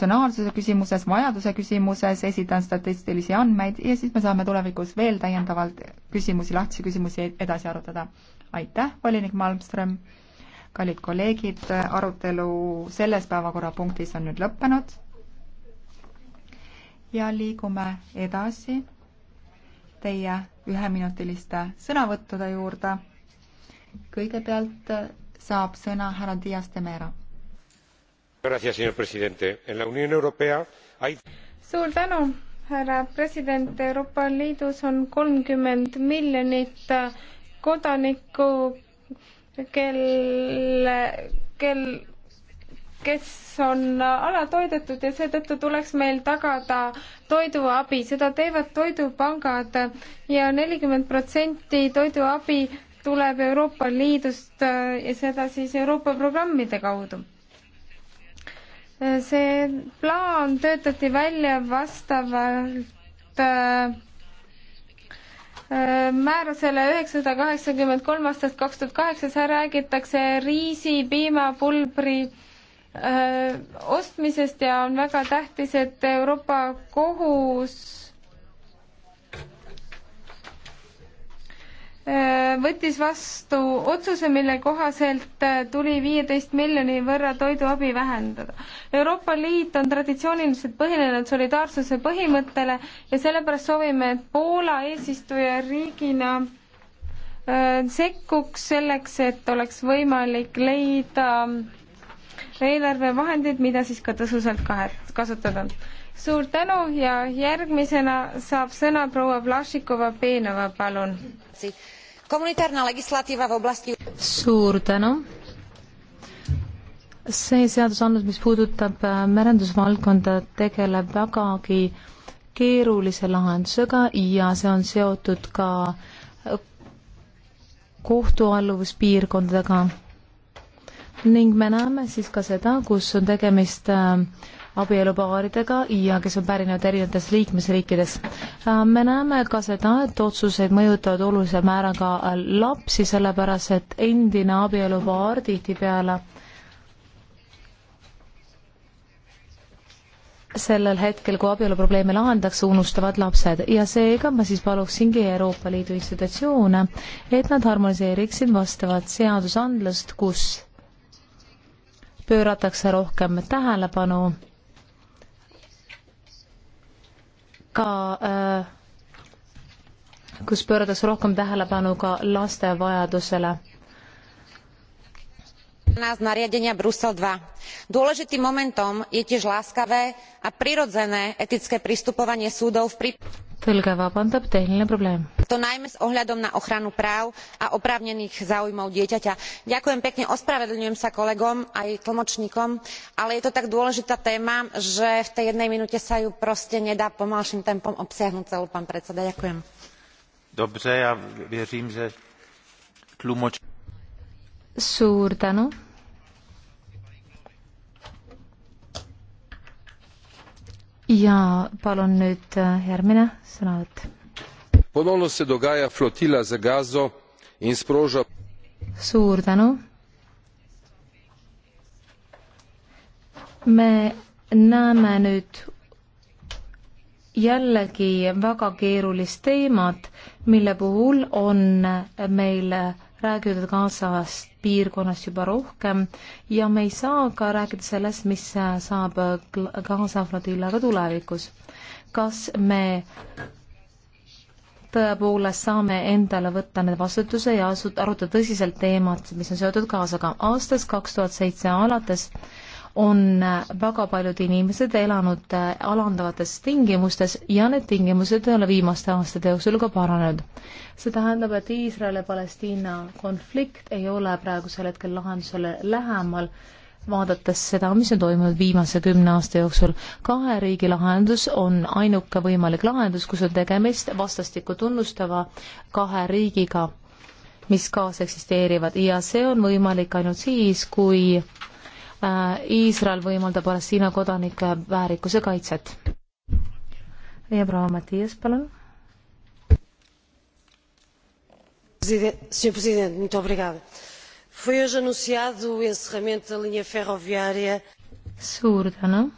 proportsionaalsuse küsimuses, vajaduse küsimuses, esitan statistilisi andmeid ja siis me saame tulevikus veel täiendavalt küsimusi, lahtisi küsimusi edasi arutada. aitäh, volinik Malmström! kallid kolleegid, arutelu selles päevakorrapunktis on nüüd lõppenud ja liigume edasi teie üheminutiliste sõnavõttude juurde. kõigepealt saab sõna härra Dias de Mera señor presidente en la unión europea hay. suur tänu härra president euroopa liidus on kolmkümmend miljonit kodanikku kelle kel kes on alatoidetud ja seetõttu tuleks meil tagada toiduabi seda teevad toidupangad ja nelikümmend protsenti toiduabi tuleb euroopa liidust äh, ja seda siis euroopa programmide kaudu see plaan töötati välja vastavalt äh, äh, määrusele üheksasada kaheksakümmend kolm aastast kaks tuhat kaheksa, seal räägitakse riisi, piimapulbri äh, ostmisest ja on väga tähtis, et Euroopa Kohus Äh, võttis vastu otsuse, mille kohaselt äh, tuli viieteist miljoni võrra toiduabi vähendada. Euroopa Liit on traditsiooniliselt põhinenud solidaarsuse põhimõttele ja sellepärast soovime, et Poola eesistujariigina äh, sekkuks selleks, et oleks võimalik leida eelarvevahendid, mida siis ka tõsusalt kasvatada suur tänu ja järgmisena saab sõna proua Vlašikova-Peenova, palun. suur tänu see seadusandlus, mis puudutab äh, merendusvaldkonda, tegeleb vägagi keerulise lahendusega ja see on seotud ka äh, kohtualluvuspiirkondadega. ning me näeme siis ka seda, kus on tegemist äh, abielupaaridega ja kes on pärinevad erinevates liikmesriikides. Äh, me näeme ka seda, et otsuseid mõjutavad olulise määraga lapsi, sellepärast et endine abielupaar tihtipeale sellel hetkel, kui abieluprobleeme lahendatakse, unustavad lapsed ja seega ma siis paluksingi Euroopa Liidu institutsioone, et nad harmoniseeriksid vastavat seadusandlust, kus pööratakse rohkem tähelepanu ka äh, kus pööratakse rohkem tähelepanu ka laste vajadusele z nariadenia brusel ii. dôležitým momentom je tiež láskavé a prirodzené etické pristupovanie súdov v prípadoch tõlge vabandab tehniline probleem to najmä s ohľadom na ochranu práv a oprávnených záujmov dieťaťa. ďakujem pekne ospravedlňujem sa kolegom aj tlmočníkom ale je to tak dôležitá téma že v tej jednej minúte sa ju proste nedá pomalším tempom obsiahnuť celú pán predseda ďakujem. Dobře, já věřím, že tlumoč suur tänu. ja palun nüüd äh, järgmine sõnavõtt. Ponovno se dogaja flotila za gazo in sproža. suur tänu. me näeme nüüd jällegi väga keerulist teemat, mille puhul on meil räägitud Gazast piirkonnast juba rohkem ja me ei saa ka rääkida sellest, mis saab Gaza flotillaga tulevikus. kas me tõepoolest saame endale võtta need vastutuse ja arutada tõsiselt teemat, mis on seotud Gazaga. aastast kaks tuhat seitse alates on väga paljud inimesed elanud alandavates tingimustes ja need tingimused ei ole viimaste aastate jooksul ka paranenud. see tähendab, et Iisraeli ja Palestiina konflikt ei ole praegusel hetkel lahendusele lähemal, vaadates seda, mis on toimunud viimase kümne aasta jooksul. kahe riigi lahendus on ainuke võimalik lahendus, kus on tegemist vastastikku tunnustava kahe riigiga, mis kaaseksisteerivad ja see on võimalik ainult siis, kui Äh, Iisrael võimaldab Palestiina kodanike väärikuse kaitset. ja proua Mattias, palun. Senhor Presidente, muito obrigada. Foi hoje anunciado o encerramento da linha ferroviária. Suur tänu.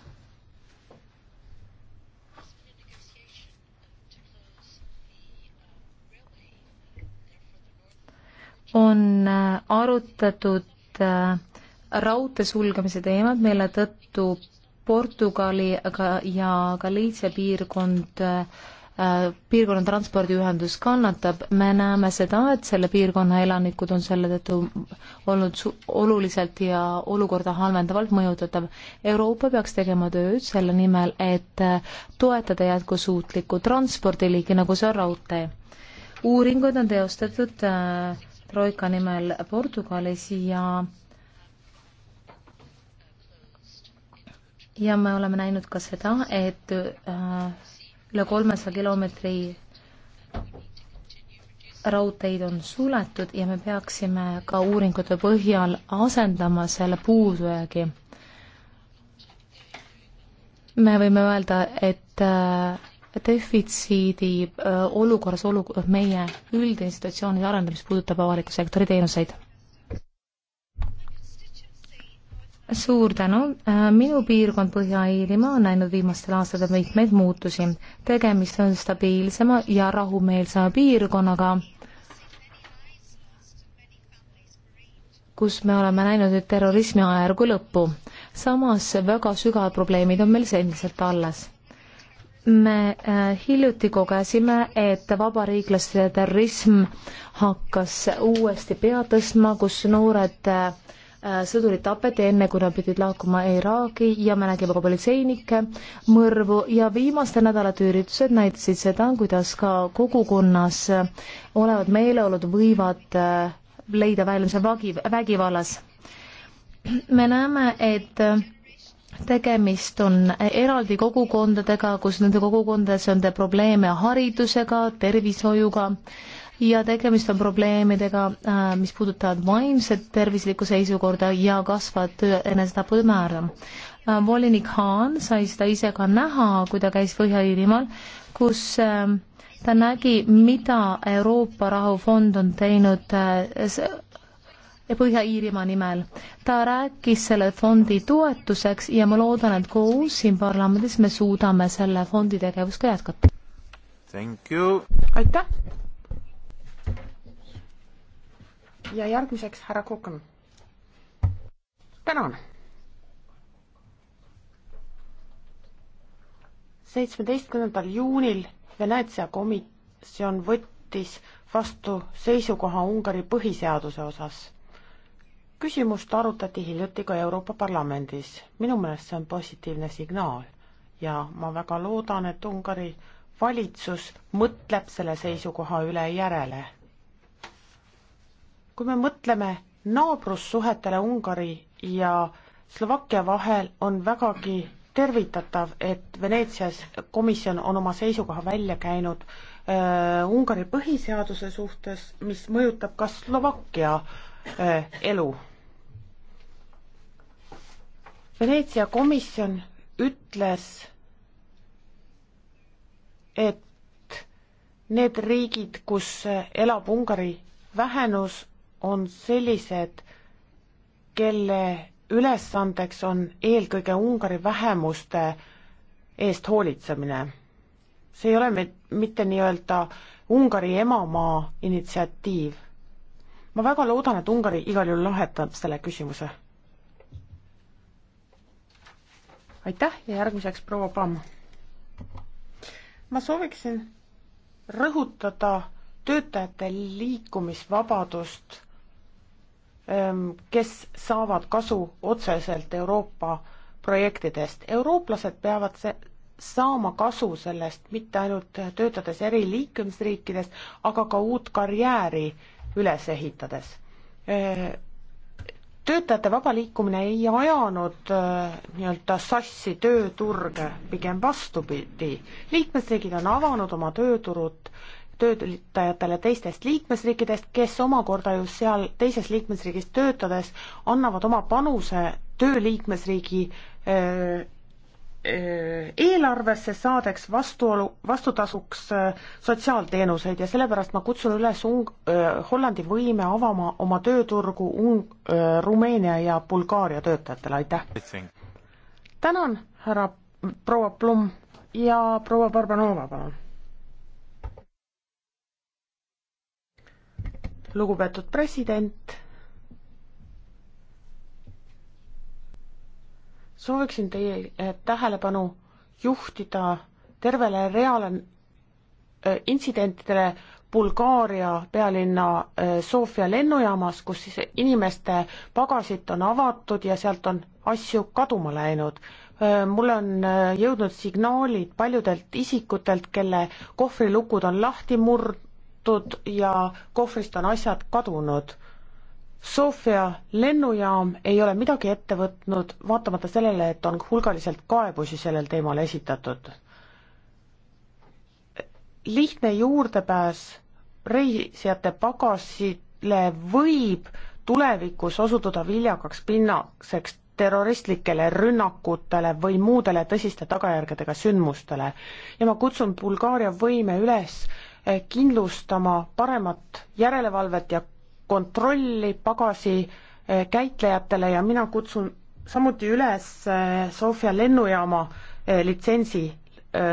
on äh, arutatud äh, raudtee sulgemise teemad, mille tõttu Portugali aga ja Galiitsia piirkond äh, piirkonna transpordiühendus kannatab, me näeme seda, et selle piirkonna elanikud on selle tõttu olnud oluliselt ja olukorda halvendavalt mõjutatav. Euroopa peaks tegema tööd selle nimel, et äh, toetada jätkusuutlikku transpordiliiki, nagu see on raudtee. uuringud on teostatud äh, Troika nimel Portugalis ja äh, ja me oleme näinud ka seda, et äh, üle kolmesaja kilomeetri raudteid on suletud ja me peaksime ka uuringute põhjal asendama selle puudujäägi. me võime öelda, et äh, defitsiidi äh, olukorras olu-, meie üldinstitutsioonide arendamist puudutab avaliku sektori teenuseid suur tänu, äh, minu piirkond Põhja-Iirimaa on näinud viimastel aastatel mitmeid muutusi. tegemist on stabiilsema ja rahumeelsema piirkonnaga, kus me oleme näinud nüüd terrorismi ajajärgu lõppu. samas väga sügavad probleemid on meil endiselt alles me äh, hiljuti kogesime, et vabariiklaste terrorism hakkas uuesti pead tõstma, kus noored äh, Äh, sõdurid tapeti enne, kui nad pidid lahkuma Iraagi ja me nägime ka politseinikke mõrvu ja viimaste nädalate üritused näitasid seda, kuidas ka kogukonnas olevad meeleolud võivad äh, leida väljenduse vagi, vägivallas. me näeme, et tegemist on eraldi kogukondadega, kus nende kogukondades on probleeme haridusega, tervishoiuga äh,, ja tegemist on probleemidega, äh, mis puudutavad vaimset tervislikku seisukorda ja kasvavat enesetapude määra. Äh, volinik Haan sai seda ise ka näha, kui ta käis Põhja-Iirimaal, kus äh, ta nägi, mida Euroopa Rahufond on teinud Põhja-Iirimaa nimel. ta rääkis selle fondi toetuseks ja ma loodan, et koos siin parlamendis me suudame selle fondi tegevust ka jätkata. aitäh! ja järgmiseks härra Kukan. tänan. seitsmeteistkümnendal juunil Veneetsia komisjon võttis vastu seisukoha Ungari põhiseaduse osas. küsimust arutati hiljuti ka Euroopa Parlamendis. minu meelest see on positiivne signaal ja ma väga loodan, et Ungari valitsus mõtleb selle seisukoha üle järele kui me mõtleme naabrussuhetele Ungari ja Slovakkia vahel, on vägagi tervitatav, et Veneetsias komisjon on oma seisukoha välja käinud äh, Ungari põhiseaduse suhtes, mis mõjutab ka Slovakkia äh, elu. Veneetsia komisjon ütles, et need riigid, kus äh, elab Ungari vähenus, on sellised, kelle ülesandeks on eelkõige Ungari vähemuste eest hoolitsemine. see ei ole mitte nii-öelda Ungari emamaa initsiatiiv. ma väga loodan, et Ungari igal juhul lahendab selle küsimuse. aitäh ja järgmiseks proua Pamm. ma sooviksin rõhutada töötajate liikumisvabadust Ehm, kes saavad kasu otseselt Euroopa projektidest. eurooplased peavad see, saama kasu sellest, mitte ainult töötades eri liikmesriikides, aga ka uut karjääri üles ehitades. Ehm, töötajate vaba liikumine ei ajanud ehm, nii-öelda sassi tööturge, pigem vastupidi. liikmesriigid on avanud oma tööturud töötajatele teistest liikmesriikidest, kes omakorda ju seal teises liikmesriigis töötades annavad oma panuse tööliikmesriigi eelarvesse saadeks vastuolu, vastutasuks sotsiaalteenuseid ja sellepärast ma kutsun üles Ung-, Hollandi võime avama oma tööturgu Ung-, Rumeenia ja Bulgaaria töötajatele, aitäh! tänan, härra proua Blum ja proua Barbanova, palun! lugupeetud president. sooviksin teie eh, tähelepanu juhtida tervele reale eh, intsidentidele Bulgaaria pealinna eh, Sofia lennujaamas, kus siis inimeste pagasit on avatud ja sealt on asju kaduma läinud. mul on jõudnud signaalid paljudelt isikutelt, kelle kohvrilukud on lahti murd-, avatud ja kohvrist on asjad kadunud. Sofia lennujaam ei ole midagi ette võtnud, vaatamata sellele, et on hulgaliselt kaebusi sellel teemal esitatud. lihtne juurdepääs reisijate pagasile võib tulevikus osutuda viljakaks pinnaseks terroristlikele rünnakutele või muudele tõsiste tagajärgedega sündmustele. ja ma kutsun Bulgaaria võime üles kindlustama paremat järelevalvet ja kontrolli pagasi eh, käitlejatele ja mina kutsun samuti üles eh, Sofia lennujaama eh, litsentsi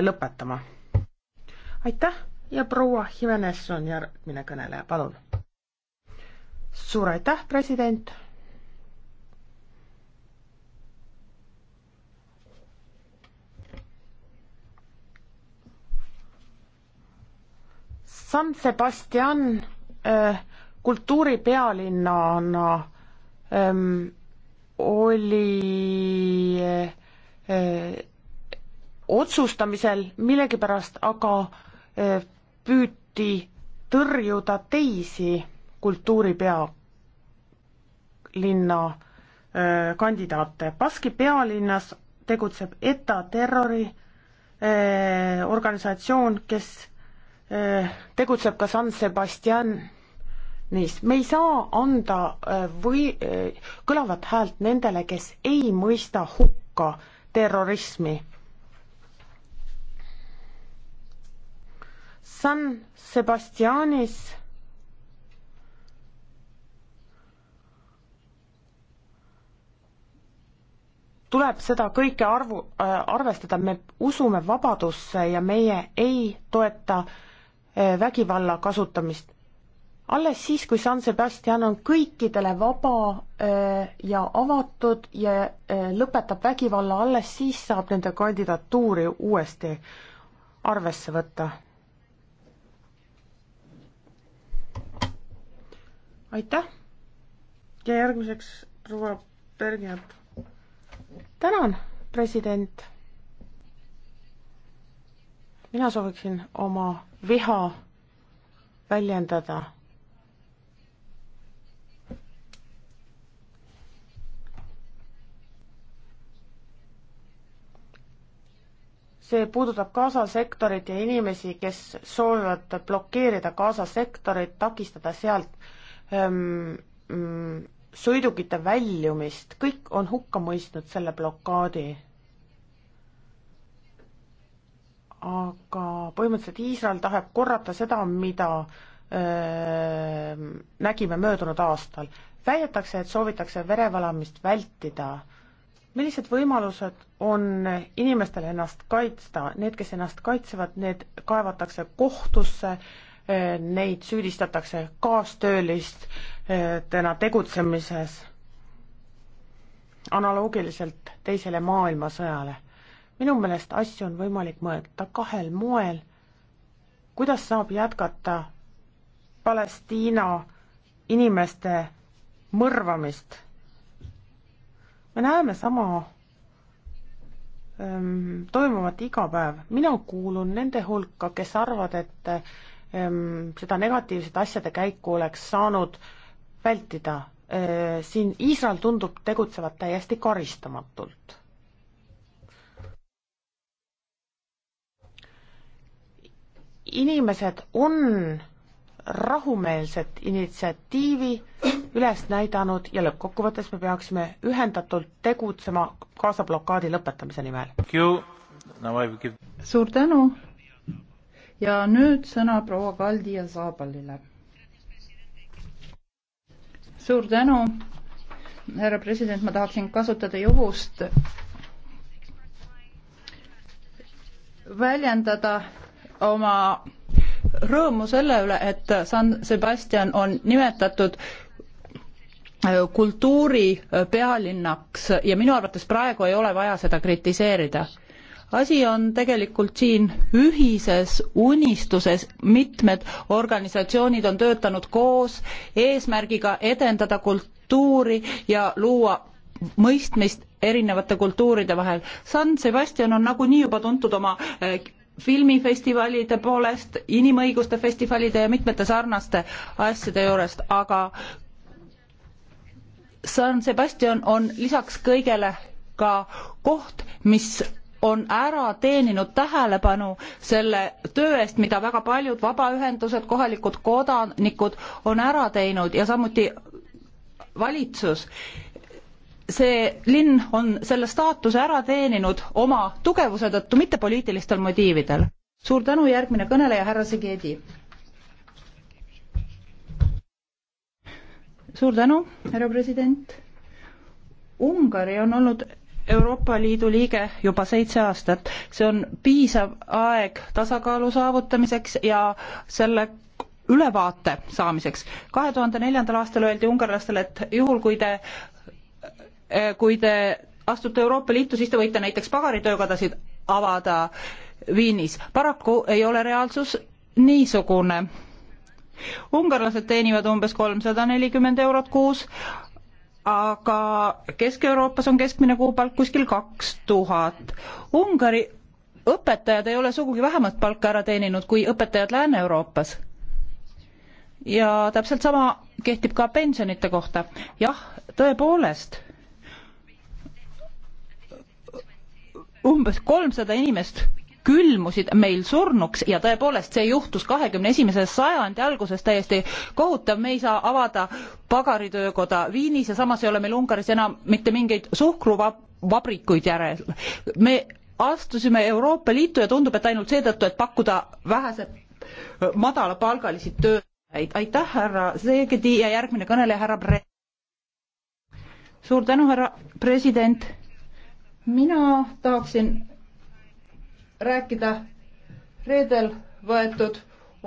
lõpetama. aitäh ja proua Jimenez on järgmine kõneleja, palun. suur aitäh, president San Sebastian äh, kultuuripealinnana ähm, oli äh, äh, otsustamisel millegipärast aga püüti tõrjuda teisi kultuuripealinna kandidaate. Baski pealinnas tegutseb ETA terroriorganisatsioon, kes Äh, tegutseb ka San Sebastian neis, me ei saa anda äh, või äh, kõlavat häält nendele, kes ei mõista hukka terrorismi. San Sebastianis tuleb seda kõike arvu, arvestada, me usume vabadusse ja meie ei toeta äh, Eh, vägivalla kasutamist. alles siis, kui San Sebastian on kõikidele vaba eh, ja avatud ja eh, lõpetab vägivalla, alles siis saab nende kandidatuuri uuesti arvesse võtta. aitäh ja järgmiseks proua Bergner. tänan, president. mina sooviksin oma viha väljendada. see puudutab Gaza sektorit ja inimesi, kes soovivad blokeerida Gaza sektorit, takistada sealt ähm, mm, sõidukite väljumist, kõik on hukka mõistnud selle blokaadi aga põhimõtteliselt Iisrael tahab korrata seda, mida öö, nägime möödunud aastal. väidetakse, et soovitakse verevalamist vältida. millised võimalused on inimestel ennast kaitsta, need, kes ennast kaitsevad, need kaevatakse kohtusse, neid süüdistatakse kaastöölistena tegutsemises analoogiliselt Teisele maailmasõjale minu meelest asju on võimalik mõõta kahel moel. kuidas saab jätkata Palestiina inimeste mõrvamist? me näeme sama ähm, toimuvat iga päev. mina kuulun nende hulka, kes arvavad, et ähm, seda negatiivsete asjade käiku oleks saanud vältida äh, siin Iisrael tundub tegutsevat täiesti karistamatult. inimesed on rahumeelset initsiatiivi üles näidanud ja lõppkokkuvõttes me peaksime ühendatult tegutsema Gaza blokaadi lõpetamise nimel. suur tänu ja nüüd sõna proua Kaldi ja Zaabalile. suur tänu, härra president, ma tahaksin kasutada juhust väljendada oma rõõmu selle üle, et San Sebastian on nimetatud äh, kultuuripealinnaks äh, ja minu arvates praegu ei ole vaja seda kritiseerida. asi on tegelikult siin ühises unistuses, mitmed organisatsioonid on töötanud koos eesmärgiga edendada kultuuri ja luua mõistmist erinevate kultuuride vahel. San Sebastian on nagunii juba tuntud oma äh, filmifestivalide poolest, inimõiguste festivalide ja mitmete sarnaste asjade juurest, aga San Sebastian on lisaks kõigele ka koht, mis on ära teeninud tähelepanu selle töö eest, mida väga paljud vabaühendused, kohalikud kodanikud on ära teinud ja samuti valitsus see linn on selle staatuse ära teeninud oma tugevuse tõttu, mitte poliitilistel motiividel. suur tänu, järgmine kõneleja, härra Segedi. suur tänu, härra president. Ungari on olnud Euroopa Liidu liige juba seitse aastat, see on piisav aeg tasakaalu saavutamiseks ja selle ülevaate saamiseks. kahe tuhande neljandal aastal öeldi ungarlastele, et juhul, kui te Eh, kui te astute Euroopa Liitu, siis te võite näiteks pagaritöökodasid avada Viinis. paraku ei ole reaalsus niisugune. ungarlased teenivad umbes kolmsada nelikümmend eurot kuus, aga Kesk-Euroopas on keskmine kuupalk kuskil kaks tuhat. Ungari õpetajad ei ole sugugi vähemat palka ära teeninud kui õpetajad Lääne-Euroopas. ja täpselt sama kehtib ka pensionite kohta. jah, tõepoolest umbes kolmsada inimest külmusid meil surnuks ja tõepoolest see juhtus kahekümne esimese sajandi alguses täiesti kohutav me ei saa avada pagaritöökoda viinis ja samas ei ole meil ungaris enam mitte mingeid suhkruvabrikuid järel me astusime euroopa liitu ja tundub et ainult seetõttu et pakkuda vähese madalapalgalisi töötajaid aitäh härra Seegedi ja järgmine kõneleja härra Bre- suur tänu härra president mina tahaksin rääkida reedel võetud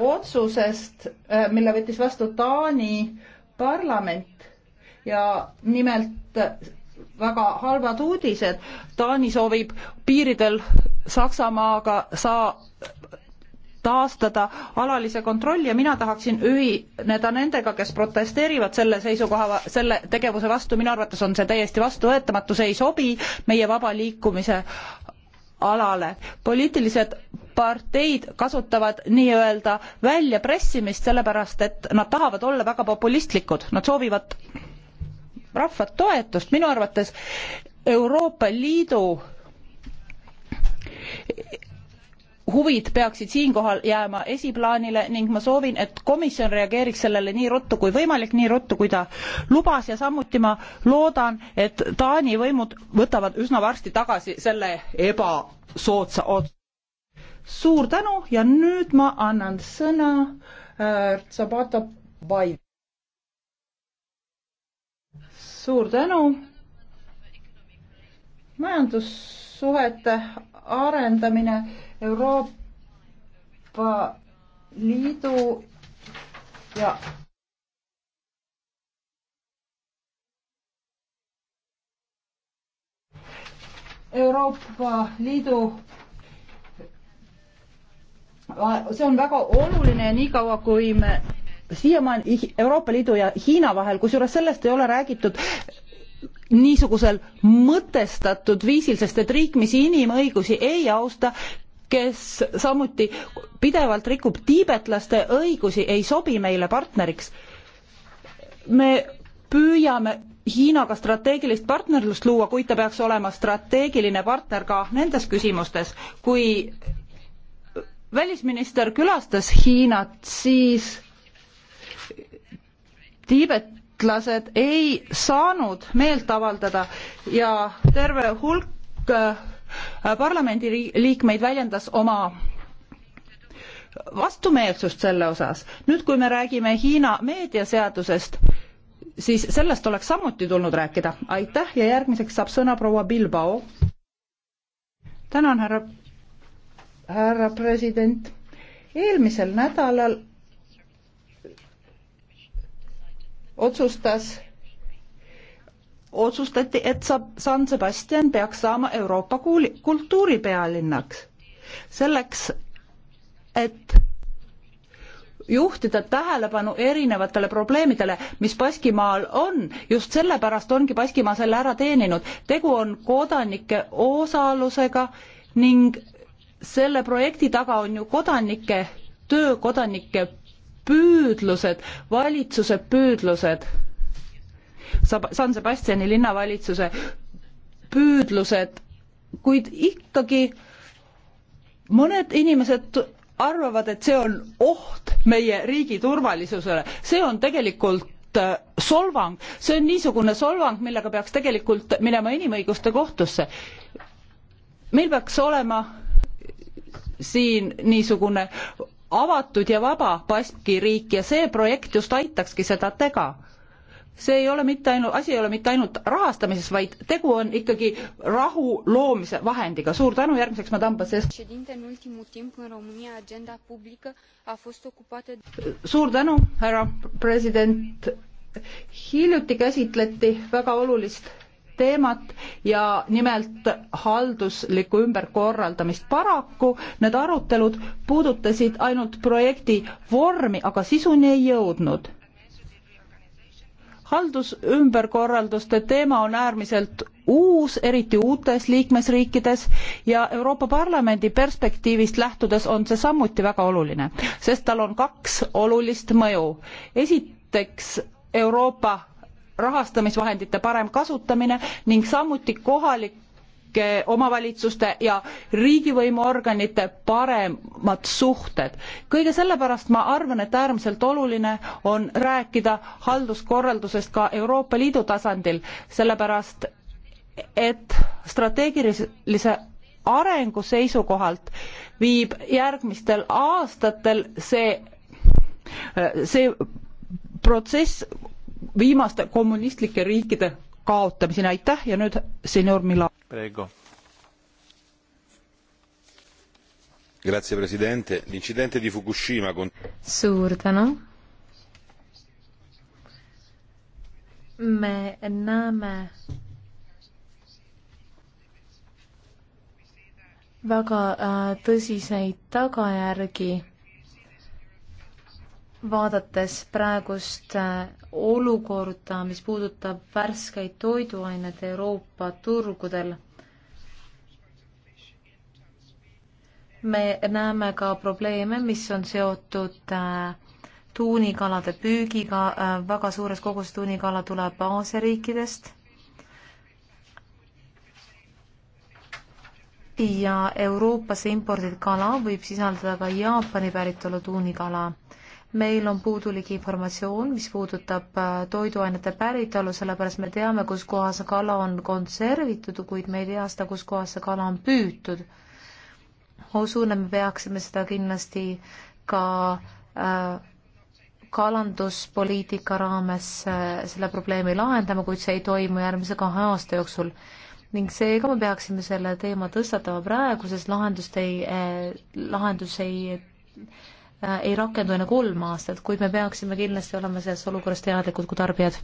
otsusest, äh, mille võttis vastu Taani parlament ja nimelt äh, väga halvad uudised. Taani soovib piiridel Saksamaaga saa taastada alalise kontrolli ja mina tahaksin ühineda nendega, kes protesteerivad selle seisukoha, selle tegevuse vastu, minu arvates on see täiesti vastuvõetamatu, see ei sobi meie vaba liikumise alale. poliitilised parteid kasutavad nii-öelda väljapressimist, sellepärast et nad tahavad olla väga populistlikud, nad soovivad rahva toetust, minu arvates Euroopa Liidu huvid peaksid siinkohal jääma esiplaanile ning ma soovin, et komisjon reageeriks sellele nii ruttu kui võimalik, nii ruttu kui ta lubas ja samuti ma loodan, et Taani võimud võtavad üsna varsti tagasi selle ebasoodsa ots-. suur tänu ja nüüd ma annan sõna äh, Zabata Vaid-. suur tänu majandussuhete arendamine Euroopa Liidu ja Euroopa Liidu see on väga oluline ja niikaua, kui me siiamaani Euroopa Liidu ja Hiina vahel, kusjuures sellest ei ole räägitud niisugusel mõtestatud viisil, sest et riik, mis inimõigusi ei austa, kes samuti pidevalt rikub tiibetlaste õigusi, ei sobi meile partneriks. me püüame Hiinaga strateegilist partnerlust luua, kuid ta peaks olema strateegiline partner ka nendes küsimustes. kui välisminister külastas Hiinat, siis Tiibet sportlased ei saanud meelt avaldada ja terve hulk äh, parlamendiliikmeid väljendas oma vastumeelsust selle osas. nüüd, kui me räägime Hiina meediaseadusest, siis sellest oleks samuti tulnud rääkida. aitäh ja järgmiseks saab sõna proua Bilbao. tänan, härra, härra president. eelmisel nädalal otsustas, otsustati, et saab, San Sebastian peaks saama Euroopa kuuli, kultuuripealinnaks. selleks, et juhtida tähelepanu erinevatele probleemidele, mis Baskimaal on, just sellepärast ongi Baskimaa selle ära teeninud. tegu on kodanike osalusega ning selle projekti taga on ju kodanike töö, kodanike püüdlused, valitsuse püüdlused, San Sebastiani linnavalitsuse püüdlused, kuid ikkagi mõned inimesed arvavad, et see on oht meie riigi turvalisusele, see on tegelikult äh, solvang, see on niisugune solvang, millega peaks tegelikult minema inimõiguste kohtusse. meil peaks olema siin niisugune avatud ja vaba Baski riik ja see projekt just aitakski seda tega. see ei ole mitte ainult, asi ei ole mitte ainult rahastamises, vaid tegu on ikkagi rahu loomise vahendiga. suur tänu, järgmiseks madam Basescu. suur tänu, härra president. hiljuti käsitleti väga olulist teemat ja nimelt halduslikku ümberkorraldamist. paraku need arutelud puudutasid ainult projekti vormi, aga sisuni ei jõudnud. haldusümberkorralduste teema on äärmiselt uus, eriti uutes liikmesriikides ja Euroopa Parlamendi perspektiivist lähtudes on see samuti väga oluline, sest tal on kaks olulist mõju. esiteks Euroopa rahastamisvahendite parem kasutamine ning samuti kohalike omavalitsuste ja riigivõimuorganite paremad suhted. kõige sellepärast ma arvan, et äärmiselt oluline on rääkida halduskorraldusest ka Euroopa Liidu tasandil, sellepärast et strateegilise arengu seisukohalt viib järgmistel aastatel see see protsess viimaste kommunistlike riikide kaotamiseni, aitäh ja nüüd senior Mila-. Grazie Presidente, l'incidente di Fukushima con... suur tänu. me näeme väga äh, tõsiseid tagajärgi, vaadates praegust äh, olukorda, mis puudutab värskeid toiduained Euroopa turgudel. me näeme ka probleeme, mis on seotud äh, tuunikalade püügiga, äh, väga suures koguses tuunikala tuleb Aasia riikidest. ja Euroopasse imporditud kala võib sisaldada ka Jaapani päritolu tuunikala meil on puudulik informatsioon, mis puudutab äh, toiduainete päritolu, sellepärast me teame, kus kohas see kala on konservitud, kuid me ei tea seda, kus kohas see kala on püütud. usun, et me peaksime seda kindlasti ka äh, kalanduspoliitika raames äh, selle probleemi lahendama, kuid see ei toimu järgmise kahe aasta jooksul. ning seega me peaksime selle teema tõstatama praegu, sest lahendust ei eh,, lahendus ei eh, Äh, ei rakendu enne kolm aastat, kuid me peaksime kindlasti olema selles olukorras teadlikud kui tarbijad.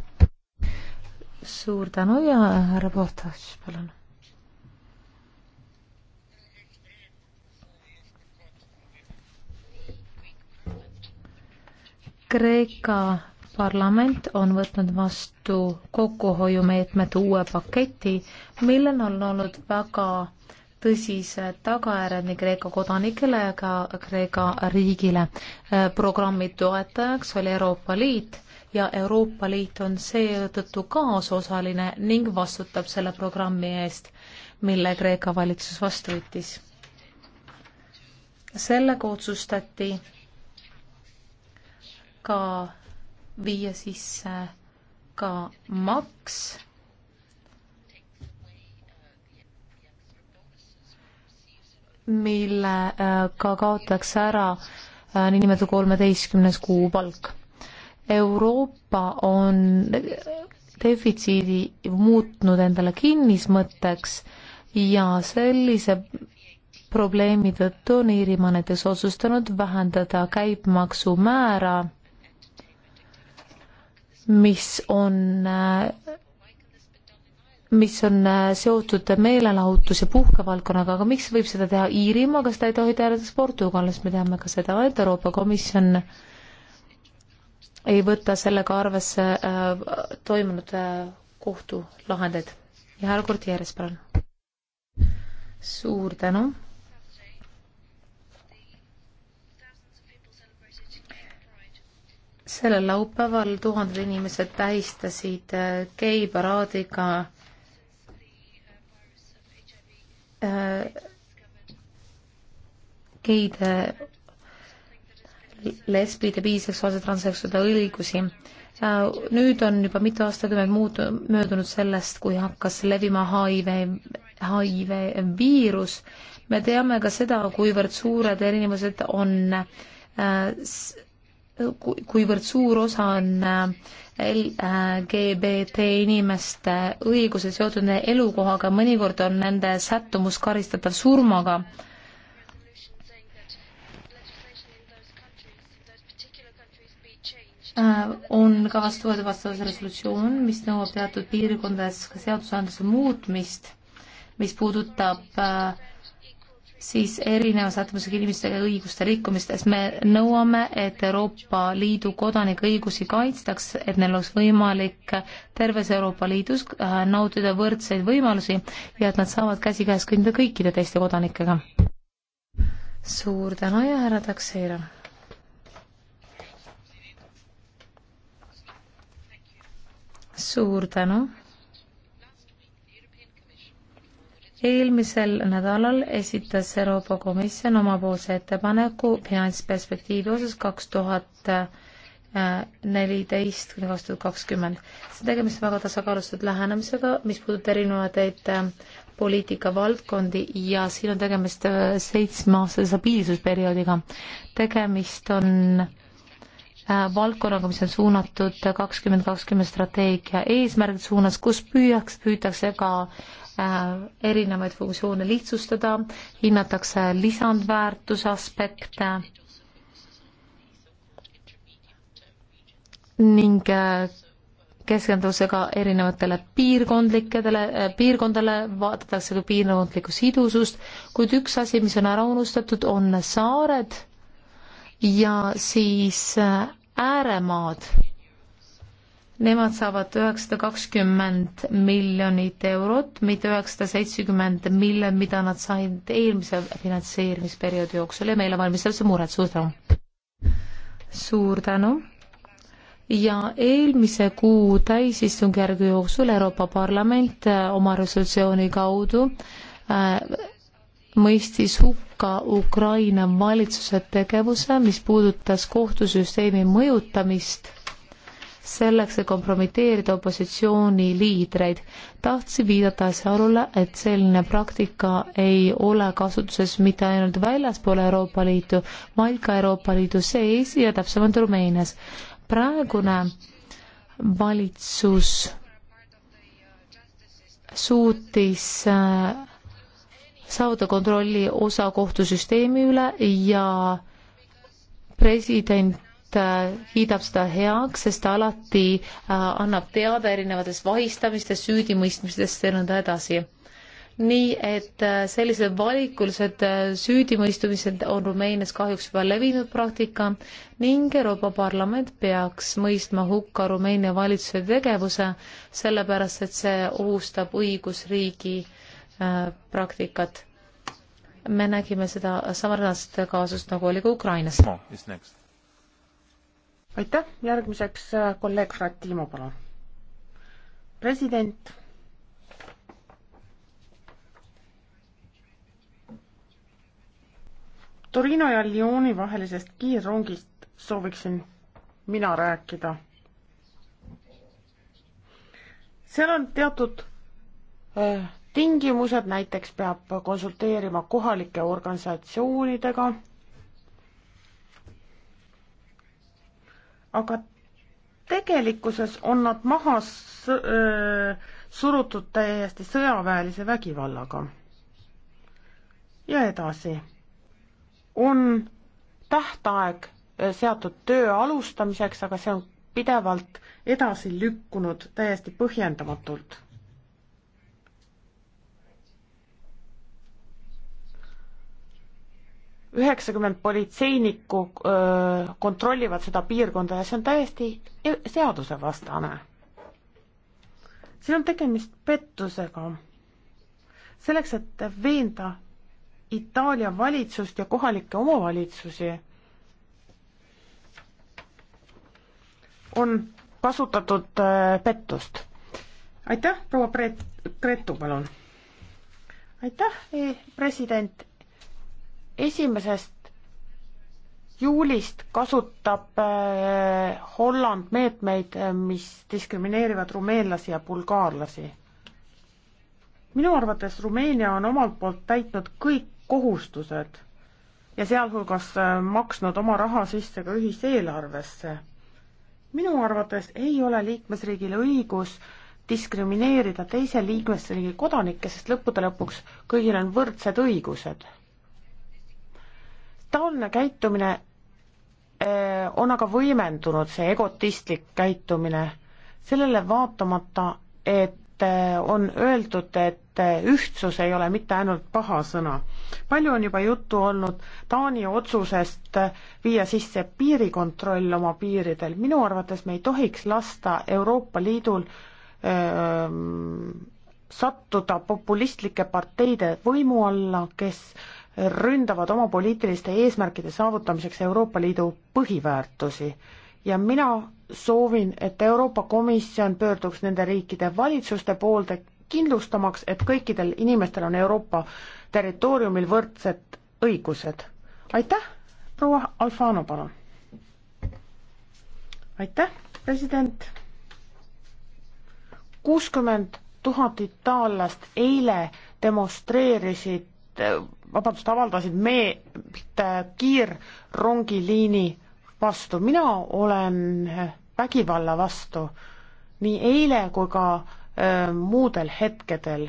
suur tänu ja härra Pohtas, palun. Kreeka parlament on võtnud vastu kokkuhoiumeetmete uue paketi, millel on olnud väga äh, tõsised tagajärjed nii Kreeka kodanikele ja ka Kreeka riigile. programmi toetajaks oli Euroopa Liit ja Euroopa Liit on seetõttu kaasosaline ning vastutab selle programmi eest, mille Kreeka valitsus vastu võttis. sellega otsustati ka viia sisse ka maks millega äh, ka kaotakse ära äh, niinimetatud kolmeteistkümnes kuu palk. Euroopa on defitsiidi muutnud endale kinnismõtteks ja sellise probleemi tõttu on Iirimaa näiteks otsustanud vähendada käibemaksumäära, mis on äh, mis on äh, seotud meelelahutus- ja puhkevaldkonnaga, aga miks võib seda teha Iirimaa, kas ta ei tohi teha näiteks Portugalis, me teame ka seda, et Euroopa Komisjon ei võta sellega arvesse äh, toimunud äh, kohtulahendeid. ja härra Kortieres, palun. suur tänu. sellel laupäeval tuhanded inimesed tähistasid geiparaadiga äh, Äh, geide, lesbide, biseksuaalse, transseksuaalide õigusi. nüüd on juba mitu aastakümmet muud möödunud sellest, kui hakkas levima HIV, HIV viirus. me teame ka seda, kuivõrd suured erinevused on äh, kuivõrd suur osa on äh, LGBT inimeste õiguse seotud elukohaga, mõnikord on nende sättumus karistatav surmaga. Äh, on ka vastu võetud vastavas resolutsioon, mis nõuab teatud piirkondades ka seadusandluse muutmist, mis puudutab äh, siis erineva sätmusega inimestega õiguste rikkumistes. me nõuame, et Euroopa Liidu kodanike õigusi kaitstaks, et neil oleks võimalik terves Euroopa Liidus äh, nautida võrdseid võimalusi ja et nad saavad käsikäes kõndida kõikide teiste kodanikega. suur tänu ja härra Takseira. suur tänu eelmisel nädalal esitas Euroopa Komisjon omapoolse ettepaneku finantsperspektiivi osas kaks tuhat äh, neliteist kuni kaks tuhat kakskümmend. see on tegemist väga tasakaalustatud lähenemisega, mis puudutab erinevaid äh, poliitikavaldkondi ja siin on tegemist äh, seitsmeaastase stabiilsusperioodiga. tegemist on valdkonnaga, mis on suunatud kakskümmend kakskümmend strateegia eesmärgide suunas, kus püüaks, püütakse ka Äh, erinevaid funktsioone lihtsustada, hinnatakse lisandväärtuse aspekte ning äh, keskenduse ka erinevatele piirkondlikedele, äh, piirkondadele, vaadatakse ka piirkondlikku sidusust, kuid üks asi, mis on ära unustatud, on saared ja siis ääremaad Nemad saavad üheksasada kakskümmend miljonit eurot, mitte üheksasada seitsekümmend miljonit, mida nad said eelmise finantseerimisperioodi jooksul ja meile valmistab see muret, suur tänu. suur tänu. ja eelmise kuu täisistungjärgu jooksul Euroopa Parlament äh, oma resolutsiooni kaudu äh, mõistis hukka Ukraina valitsuse tegevuse, mis puudutas kohtusüsteemi mõjutamist selleks, et kompromiteerida opositsiooni liidreid. tahtsin viidata asjaolule, et selline praktika ei ole kasutuses mitte ainult väljaspool Euroopa Liitu, vaid ka Euroopa Liidu sees ja täpsemalt Rumeenias. praegune valitsus suutis äh, saada kontrolli osa kohtusüsteemi üle ja president Äh, kiidab seda heaks, sest ta alati äh, annab teada erinevatest vahistamistest, süüdimõistmistest ja nõnda edasi. nii et äh, sellised valikulised süüdimõistmised on Rumeenias kahjuks juba levinud praktika ning Euroopa Parlament peaks mõistma hukka Rumeenia valitsuse tegevuse, sellepärast et see ohustab õigusriigi praktikat. me nägime seda sarnast kaasust, nagu oli ka Ukrainas no, aitäh, järgmiseks äh, kolleeg Fratimo, palun. president. Torino ja Lyoni vahelisest kiirrongist sooviksin mina rääkida. seal on teatud äh, tingimused, näiteks peab konsulteerima kohalike organisatsioonidega aga tegelikkuses on nad maha surutud täiesti sõjaväelise vägivallaga. ja edasi. on tähtaeg seatud töö alustamiseks, aga see on pidevalt edasi lükkunud täiesti põhjendamatult üheksakümmend politseinikku öö, kontrollivad seda piirkonda ja see on täiesti e-, seadusevastane. siin on tegemist pettusega. selleks, et veenda Itaalia valitsust ja kohalikke omavalitsusi, on kasutatud öö, pettust. aitäh, proua Pre-, Gretu, palun! aitäh, e-, president esimesest juulist kasutab äh, Holland meetmeid, äh, mis diskrimineerivad rumeenlasi ja bulgaarlasi. minu arvates Rumeenia on omalt poolt täitnud kõik kohustused ja sealhulgas äh, maksnud oma raha sisse ka ühiseelarvesse. minu arvates ei ole liikmesriigil õigus diskrimineerida teise liikmesriigi kodanikke, sest lõppude lõpuks kõigil on võrdsed õigused taoline käitumine äh, on aga võimendunud, see egotistlik käitumine, sellele vaatamata, et äh, on öeldud, et äh, ühtsus ei ole mitte ainult paha sõna. palju on juba juttu olnud Taani otsusest viia sisse piirikontroll oma piiridel, minu arvates me ei tohiks lasta Euroopa Liidul öö, ähm, sattuda populistlike parteide võimu alla, kes öö, ründavad oma poliitiliste eesmärkide saavutamiseks Euroopa Liidu põhiväärtusi ja mina soovin, et Euroopa Komisjon pöörduks nende riikide valitsuste poolde, kindlustamaks, et kõikidel inimestel on Euroopa territooriumil võrdsed õigused. aitäh, proua Alfano, palun. aitäh, president. kuuskümmend tuhat itaallast eile demonstreerisid Äh, vabandust, avaldasid meelt kiirrongiliini vastu, mina olen äh, vägivalla vastu nii eile kui ka öö, äh, muudel hetkedel.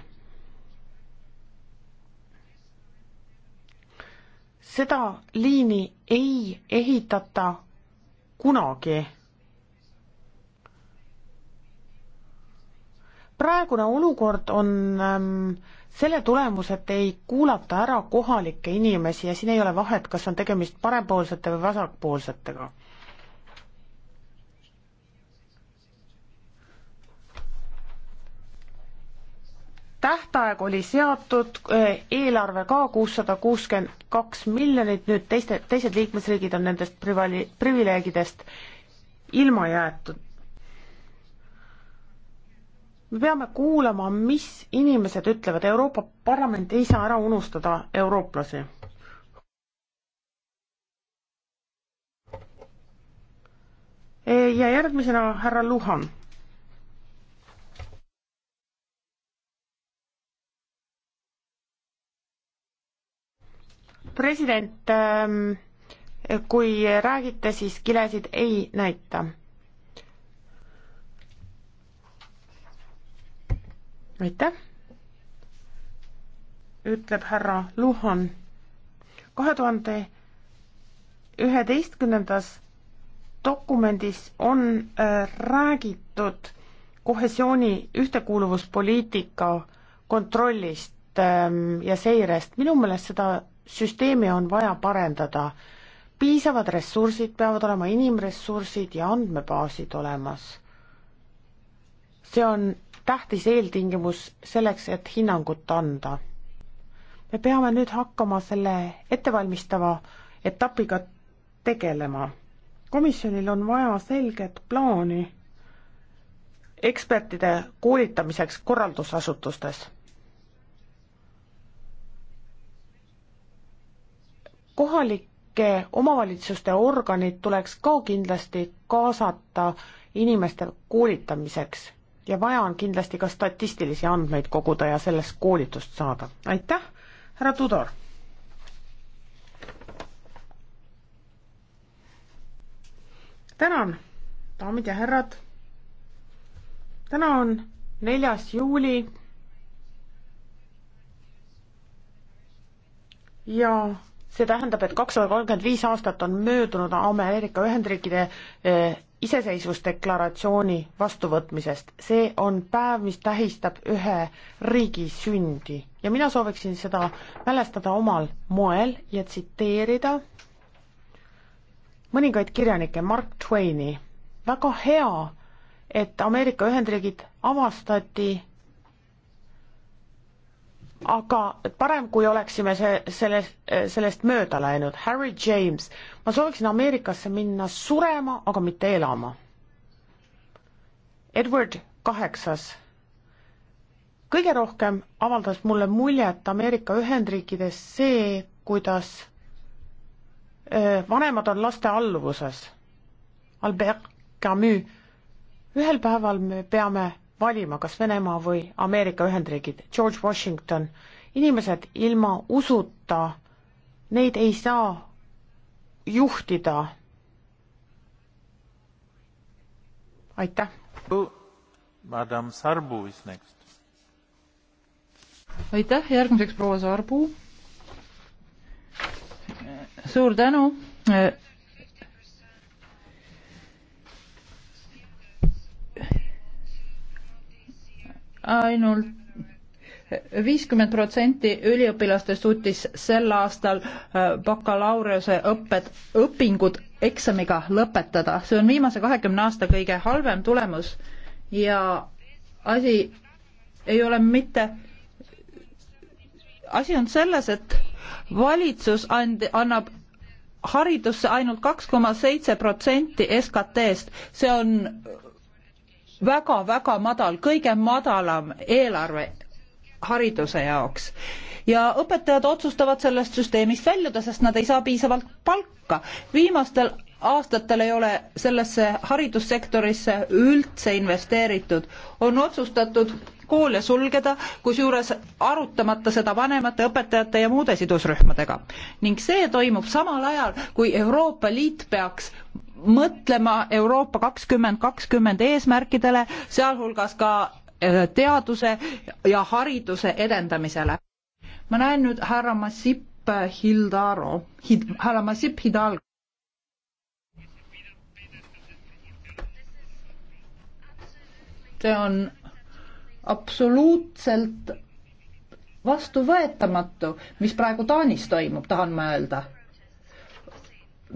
seda liini ei ehitata kunagi. praegune olukord on öö, ähm, selle tulemus, et ei kuulata ära kohalikke inimesi ja siin ei ole vahet, kas on tegemist parempoolsete või vasakpoolsetega. tähtaeg oli seatud, eh, eelarve ka kuussada kuuskümmend kaks miljonit, nüüd teiste, teised liikmesriigid on nendest privali-, privileegidest ilma jäetud me peame kuulama, mis inimesed ütlevad, Euroopa Parlament ei saa ära unustada eurooplasi. E, ja järgmisena härra Luhan president, ähm, kui räägite, siis kilesid ei näita. aitäh, ütleb härra Luhan. kahe tuhande üheteistkümnendas dokumendis on äh, räägitud kohesiooni ühtekuuluvuspoliitika kontrollist ähm, ja seirest, minu meelest seda süsteemi on vaja parendada. piisavad ressursid peavad olema, inimressursid ja andmebaasid olemas. see on tähtis eeltingimus selleks, et hinnangut anda. me peame nüüd hakkama selle ettevalmistava etapiga tegelema. komisjonil on vaja selget plaani ekspertide koolitamiseks korraldusasutustes. kohalike omavalitsuste organid tuleks ka kindlasti kaasata inimeste koolitamiseks ja vaja on kindlasti ka statistilisi andmeid koguda ja sellest koolitust saada. aitäh, härra Tudor! tänan, daamid ja härrad! täna on neljas juuli ja see tähendab, et kakssada kolmkümmend viis aastat on möödunud Ameerika Ühendriikide eh, iseseisvusdeklaratsiooni vastuvõtmisest. see on päev, mis tähistab ühe riigi sündi ja mina sooviksin seda mälestada omal moel ja tsiteerida mõningaid kirjanikke, Mark Twaini. väga hea, et Ameerika Ühendriigid avastati aga parem, kui oleksime see, selle, sellest mööda läinud. Harry James, ma sooviksin Ameerikasse minna surema, aga mitte elama. Edward kaheksas. kõige rohkem avaldas mulle muljet Ameerika Ühendriikides see, kuidas vanemad on laste alluvuses. Albert Camus, ühel päeval me peame valima kas Venemaa või Ameerika Ühendriigid, George Washington, inimesed ilma usuta, neid ei saa juhtida. aitäh. Madam Sarbu is next. aitäh, järgmiseks proua Sarbu. suur tänu ainult viiskümmend protsenti üliõpilastest suutis sel aastal äh, bakalaureuse õpped, õpingud eksamiga lõpetada. see on viimase kahekümne aasta kõige halvem tulemus ja asi ei ole mitte, asi on selles, et valitsus and-, annab haridusse ainult kaks koma seitse protsenti SKT-st, see on väga-väga madal, kõige madalam eelarve hariduse jaoks ja õpetajad otsustavad sellest süsteemist väljuda, sest nad ei saa piisavalt palka. viimastel aastatel ei ole sellesse haridussektorisse üldse investeeritud. on otsustatud koole sulgeda, kusjuures arutamata seda vanemate, õpetajate ja muude sidusrühmadega. ning see toimub samal ajal, kui Euroopa Liit peaks mõtlema Euroopa kakskümmend kakskümmend eesmärkidele, sealhulgas ka äh, teaduse ja hariduse edendamisele. ma näen nüüd härra Massip Hildaro, härra Massip Hidalgo. see on absoluutselt vastuvõetamatu, mis praegu Taanis toimub, tahan ma öelda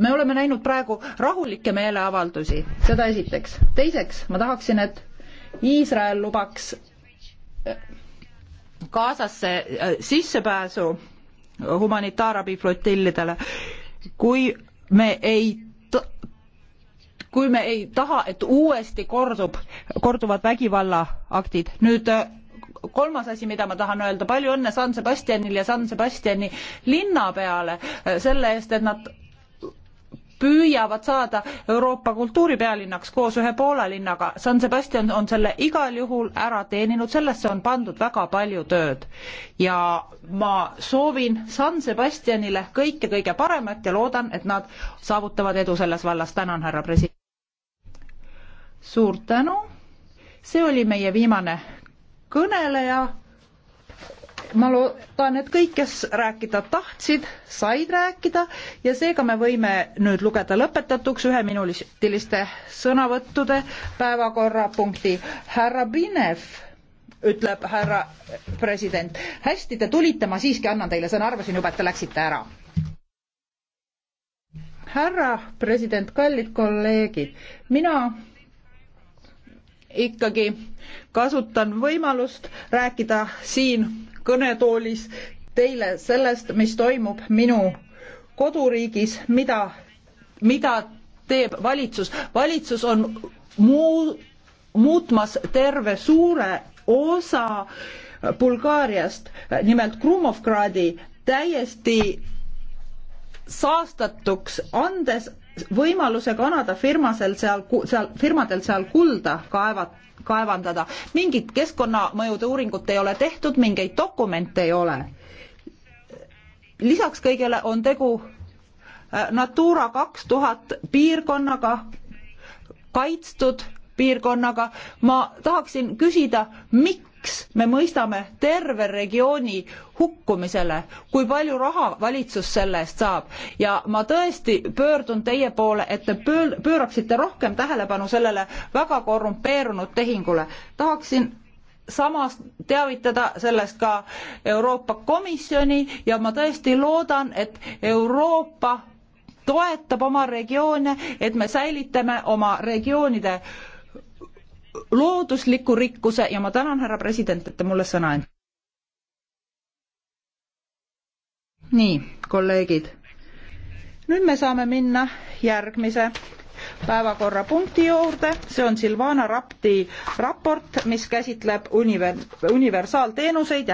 me oleme näinud praegu rahulikke meeleavaldusi, seda esiteks. teiseks, ma tahaksin, et Iisrael lubaks äh, Gazasse äh, sissepääsu humanitaarabi flotillidele, kui me ei kui me ei taha, et uuesti kordub, korduvad vägivallaaktid. nüüd äh, kolmas asi, mida ma tahan öelda, palju õnne San Sebastianil ja San Sebastiani linnapeale selle eest, et nad püüavad saada Euroopa kultuuripealinnaks koos ühe Poola linnaga. San Sebastian on selle igal juhul ära teeninud, sellesse on pandud väga palju tööd. ja ma soovin San Sebastianile kõike kõige paremat ja loodan, et nad saavutavad edu selles vallas. tänan, härra president. suur tänu. see oli meie viimane kõneleja ma loodan, et kõik, kes rääkida tahtsid, said rääkida ja seega me võime nüüd lugeda lõpetatuks üheminutiliste sõnavõttude päevakorrapunkti. härra Binev, ütleb härra president, hästi, te tulite, ma siiski annan teile sõna, arvasin juba, et te läksite ära. härra president, kallid kolleegid, mina ikkagi kasutan võimalust rääkida siin kõnetoolis teile sellest, mis toimub minu koduriigis, mida, mida teeb valitsus. valitsus on muu, muutmas terve suure osa Bulgaariast, nimelt Krumovgradi täiesti saastatuks, andes võimaluse Kanada firmasel seal, seal, firmadel seal kulda kaevat-, kaevandada. mingit keskkonnamõjude uuringut ei ole tehtud, mingeid dokumente ei ole. lisaks kõigele on tegu äh, Natura kaks tuhat piirkonnaga, kaitstud piirkonnaga. ma tahaksin küsida, miks miks me mõistame terve regiooni hukkumisele, kui palju raha valitsus selle eest saab ja ma tõesti pöördun teie poole, et te pöör, pööraksite rohkem tähelepanu sellele väga korrumpeerunud tehingule. tahaksin samas teavitada sellest ka Euroopa Komisjoni ja ma tõesti loodan, et Euroopa toetab oma regioone, et me säilitame oma regioonide loodusliku rikkuse ja ma tänan, härra president, et te mulle sõna andsite. nii, kolleegid, nüüd me saame minna järgmise päevakorrapunkti juurde, see on Silvana Rapti raport, mis käsitleb univer-, universaalteenuseid ja